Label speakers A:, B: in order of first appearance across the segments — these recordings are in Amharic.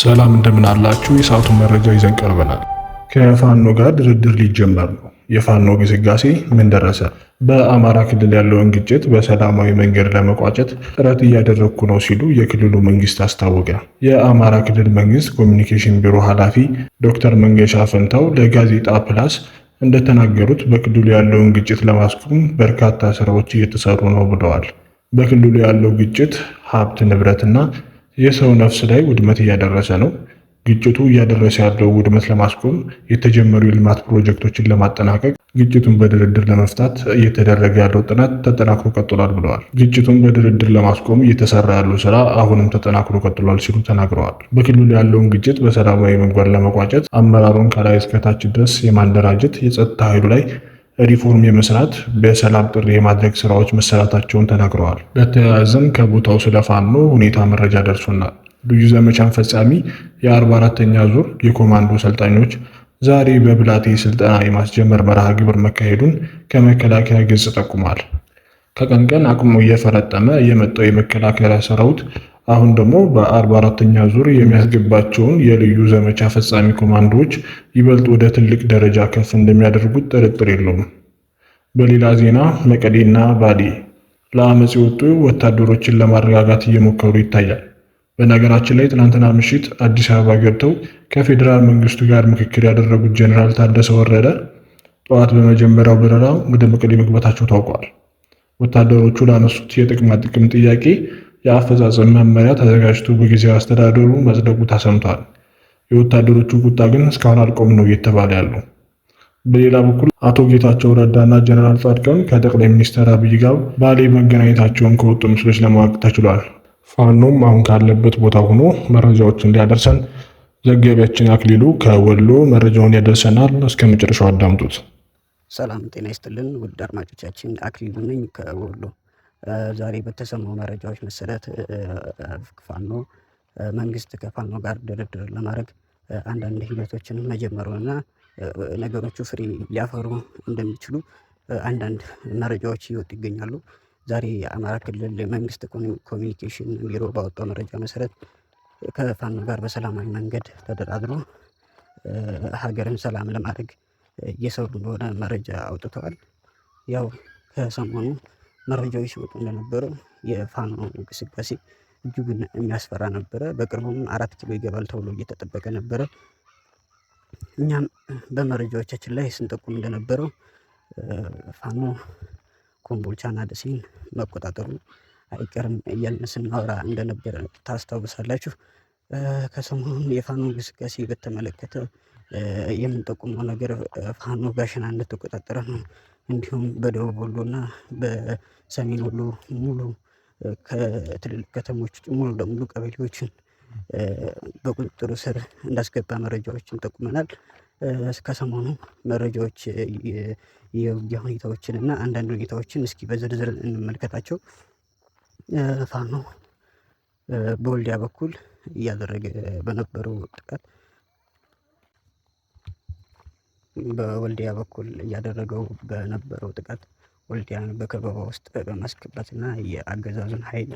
A: ሰላም እንደምን አላችሁ? የሰዓቱ መረጃ ይዘን ቀርበናል። ከፋኖ ጋር ድርድር ሊጀመር ነው። የፋኖ ግስጋሴ ምን ደረሰ? በአማራ ክልል ያለውን ግጭት በሰላማዊ መንገድ ለመቋጨት ጥረት እያደረግኩ ነው ሲሉ የክልሉ መንግስት አስታወቀ። የአማራ ክልል መንግስት ኮሚኒኬሽን ቢሮ ኃላፊ ዶክተር መንገሻ ፈንታው ለጋዜጣ ፕላስ እንደተናገሩት በክልሉ ያለውን ግጭት ለማስቆም በርካታ ስራዎች እየተሰሩ ነው ብለዋል። በክልሉ ያለው ግጭት ሀብት ንብረትና የሰው ነፍስ ላይ ውድመት እያደረሰ ነው። ግጭቱ እያደረሰ ያለው ውድመት ለማስቆም የተጀመሩ የልማት ፕሮጀክቶችን ለማጠናቀቅ ግጭቱን በድርድር ለመፍታት እየተደረገ ያለው ጥናት ተጠናክሮ ቀጥሏል ብለዋል። ግጭቱን በድርድር ለማስቆም እየተሰራ ያለው ስራ አሁንም ተጠናክሮ ቀጥሏል ሲሉ ተናግረዋል። በክልሉ ያለውን ግጭት በሰላማዊ መንገድ ለመቋጨት አመራሩን ከላይ እስከታች ድረስ የማደራጀት የጸጥታ ኃይሉ ላይ ሪፎርም የመስራት በሰላም ጥሪ የማድረግ ስራዎች መሰራታቸውን ተናግረዋል። በተያያዘም ከቦታው ስለ ፋኖ ሁኔታ መረጃ ደርሶናል። ልዩ ዘመቻን ፈጻሚ የ44ተኛ ዙር የኮማንዶ ሰልጣኞች ዛሬ በብላቴ ስልጠና የማስጀመር መርሃ ግብር መካሄዱን ከመከላከያ ገጽ ጠቁሟል። ከቀን ቀን አቅሙ እየፈረጠመ የመጣው የመከላከያ ሰራዊት አሁን ደግሞ በ44ተኛ ዙር የሚያስገባቸውን የልዩ ዘመቻ ፈጻሚ ኮማንዶዎች ይበልጥ ወደ ትልቅ ደረጃ ከፍ እንደሚያደርጉት ጥርጥር የለውም። በሌላ ዜና መቀሌና ባሌ ለአመፅ የወጡ ወታደሮችን ለማረጋጋት እየሞከሩ ይታያል። በነገራችን ላይ ትናንትና ምሽት አዲስ አበባ ገብተው ከፌዴራል መንግስቱ ጋር ምክክር ያደረጉት ጀኔራል ታደሰ ወረደ ጠዋት በመጀመሪያው በረራ ወደ መቀሌ መግባታቸው ታውቋል። ወታደሮቹ ላነሱት የጥቅማ ጥቅም ጥያቄ የአፈጻጸም መመሪያ ተዘጋጅቶ በጊዜያዊ አስተዳደሩ መጽደቁ ተሰምቷል። የወታደሮቹ ቁጣ ግን እስካሁን አልቆም ነው እየተባለ ያለው። በሌላ በኩል አቶ ጌታቸው ረዳና ጀነራል ጻድቃን ከጠቅላይ ሚኒስትር አብይ ጋር ባሌ መገናኘታቸውን ከወጡ ምስሎች ለማወቅ ተችሏል። ፋኖም አሁን ካለበት ቦታ ሆኖ መረጃዎች እንዲያደርሰን ዘጋቢያችን አክሊሉ ከወሎ መረጃውን ያደርሰናል። እስከ መጨረሻው አዳምጡት።
B: ሰላም ጤና ይስጥልን ውድ አድማጮቻችን፣ አክሊሉ ነኝ ከወሎ። ዛሬ በተሰማው መረጃዎች መሰረት ፋኖ መንግስት ከፋኖ ጋር ድርድር ለማድረግ አንዳንድ ሂደቶችን መጀመሩንና ነገሮቹ ፍሬ ሊያፈሩ እንደሚችሉ አንዳንድ መረጃዎች እየወጡ ይገኛሉ። ዛሬ የአማራ ክልል መንግስት ኮሚኒኬሽን ቢሮ ባወጣው መረጃ መሰረት ከፋኖ ጋር በሰላማዊ መንገድ ተደራድሮ ሀገርን ሰላም ለማድረግ እየሰሩ እንደሆነ መረጃ አውጥተዋል። ያው ከሰሞኑ መረጃዎች ሲወጡ እንደነበረው የፋኖ እንቅስቃሴ እጅጉን የሚያስፈራ ነበረ። በቅርቡም አራት ኪሎ ይገባል ተብሎ እየተጠበቀ ነበረ። እኛም በመረጃዎቻችን ላይ ስንጠቁም እንደነበረው ፋኖ ኮምቦልቻና ደሴን መቆጣጠሩ አይቀርም እያልን ስናወራ እንደነበረ ታስታውሳላችሁ። ከሰሞኑን የፋኖ እንቅስቃሴ በተመለከተ የምንጠቁመው ነገር ፋኖ ጋሸና እንደተቆጣጠረ ነው። እንዲሁም በደቡብ ወሎና በሰሜን ወሎ ሙሉ ከትልልቅ ከተሞች ሙሉ ለሙሉ ቀበሌዎችን በቁጥጥሩ ስር እንዳስገባ መረጃዎችን ጠቁመናል። ከሰሞኑ መረጃዎች የውጊያ ሁኔታዎችን እና አንዳንድ ሁኔታዎችን እስኪ በዝርዝር እንመልከታቸው። ፋኖ በወልዲያ በኩል እያደረገ በነበረው ጥቃት በወልዲያ በኩል እያደረገው በነበረው ጥቃት ወልዲያን በከበባ ውስጥ በማስገባትና የአገዛዙን ኃይል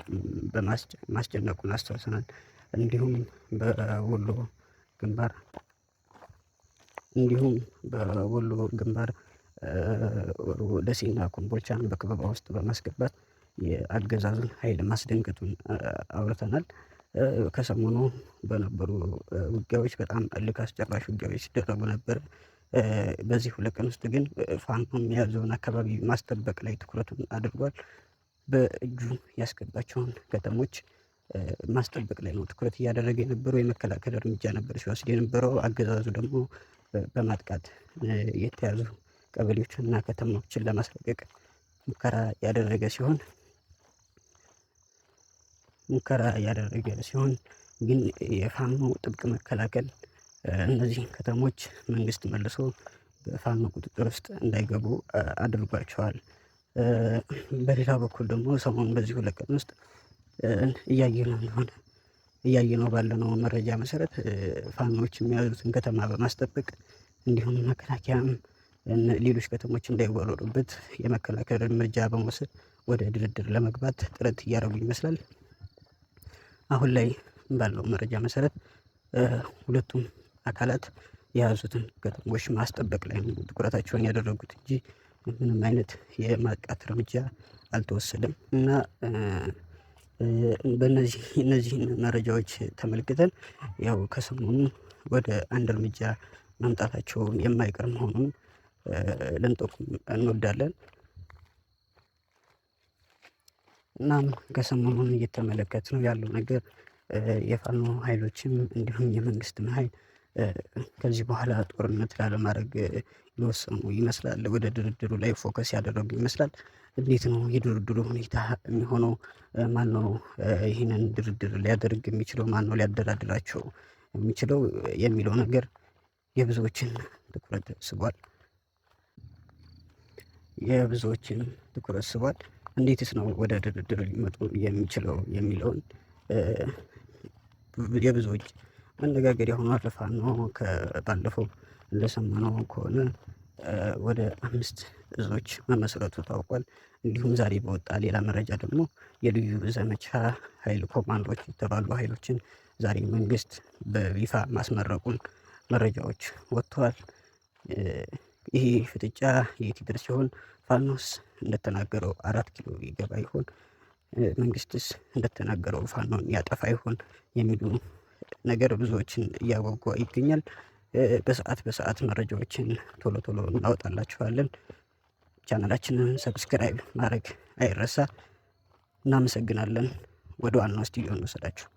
B: ማስጨነቁን አስታውሰናል። እንዲሁም በወሎ ግንባር እንዲሁም በወሎ ግንባር ደሴና ኮምቦልቻን በከበባ ውስጥ በማስገባት የአገዛዙን ኃይል ማስደንገጡን አውርተናል። ከሰሞኑ በነበሩ ውጊያዎች በጣም እልክ አስጨራሽ ውጊያዎች ሲደረጉ ነበር። በዚህ ሁለት ቀን ውስጥ ግን ፋኖም የያዘውን አካባቢ ማስጠበቅ ላይ ትኩረቱን አድርጓል። በእጁ ያስገባቸውን ከተሞች ማስጠበቅ ላይ ነው ትኩረት እያደረገ የነበረው። የመከላከል እርምጃ ነበር ሲወስድ የነበረው። አገዛዙ ደግሞ በማጥቃት የተያዙ ቀበሌዎችንና ከተማዎችን ለማስለቀቅ ሙከራ ያደረገ ሲሆን ሙከራ ያደረገ ሲሆን ግን የፋኖ ጥብቅ መከላከል እነዚህ ከተሞች መንግስት መልሶ በፋኖ ቁጥጥር ውስጥ እንዳይገቡ አድርጓቸዋል። በሌላ በኩል ደግሞ ሰሞኑን በዚህ ሁለት ቀን ውስጥ እያየነው እንደሆነ ነው ባለነው መረጃ መሰረት ፋኖዎች የሚያዙትን ከተማ በማስጠበቅ እንዲሁም መከላከያም ሌሎች ከተሞች እንዳይወረሩበት የመከላከል እርምጃ በመውሰድ ወደ ድርድር ለመግባት ጥረት እያደረጉ ይመስላል። አሁን ላይ ባለው መረጃ መሰረት ሁለቱም አካላት የያዙትን ከተሞች ማስጠበቅ ላይ ነው ትኩረታቸውን ያደረጉት እንጂ ምንም አይነት የማጥቃት እርምጃ አልተወሰደም። እና በእነዚህ እነዚህን መረጃዎች ተመልክተን ያው ከሰሞኑ ወደ አንድ እርምጃ መምጣታቸውን የማይቀር መሆኑን ልንጠቁም እንወዳለን። እናም ከሰሞኑን እየተመለከት ነው ያለው ነገር የፋኖ ኃይሎችም እንዲሁም የመንግስትም ኃይል ከዚህ በኋላ ጦርነት ላለማድረግ የወሰኑ ይመስላል። ወደ ድርድሩ ላይ ፎከስ ያደረጉ ይመስላል። እንዴት ነው የድርድሩ ሁኔታ የሚሆነው? ማነው ይህንን ድርድር ሊያደርግ የሚችለው? ነው ሊያደራድራቸው የሚችለው የሚለው ነገር የብዙዎችን ትኩረት ስቧል። የብዙዎችን ትኩረት ስቧል። እንዴትስ ነው ወደ ድርድር ሊመጡ የሚችለው የሚለውን የብዙዎች መነጋገሪያ ሆኗል። ፋኖ ባለፈው እንደሰማነው ከሆነ ወደ አምስት እዞች መመስረቱ ታውቋል። እንዲሁም ዛሬ በወጣ ሌላ መረጃ ደግሞ የልዩ ዘመቻ ኃይል ኮማንዶች የተባሉ ኃይሎችን ዛሬ መንግስት በይፋ ማስመረቁን መረጃዎች ወጥተዋል። ይህ ፍጥጫ የት ይደርስ ሲሆን ፋኖስ እንደተናገረው አራት ኪሎ ይገባ ይሆን? መንግስትስ እንደተናገረው ፋኖን ያጠፋ ይሆን? የሚሉ ነገር ብዙዎችን እያጓጓ ይገኛል። በሰአት በሰአት መረጃዎችን ቶሎ ቶሎ እናወጣላችኋለን። ቻናላችንን ሰብስክራይብ ማድረግ አይረሳ። እናመሰግናለን። ወደ ዋናው ስቱዲዮ እንወሰዳችሁ።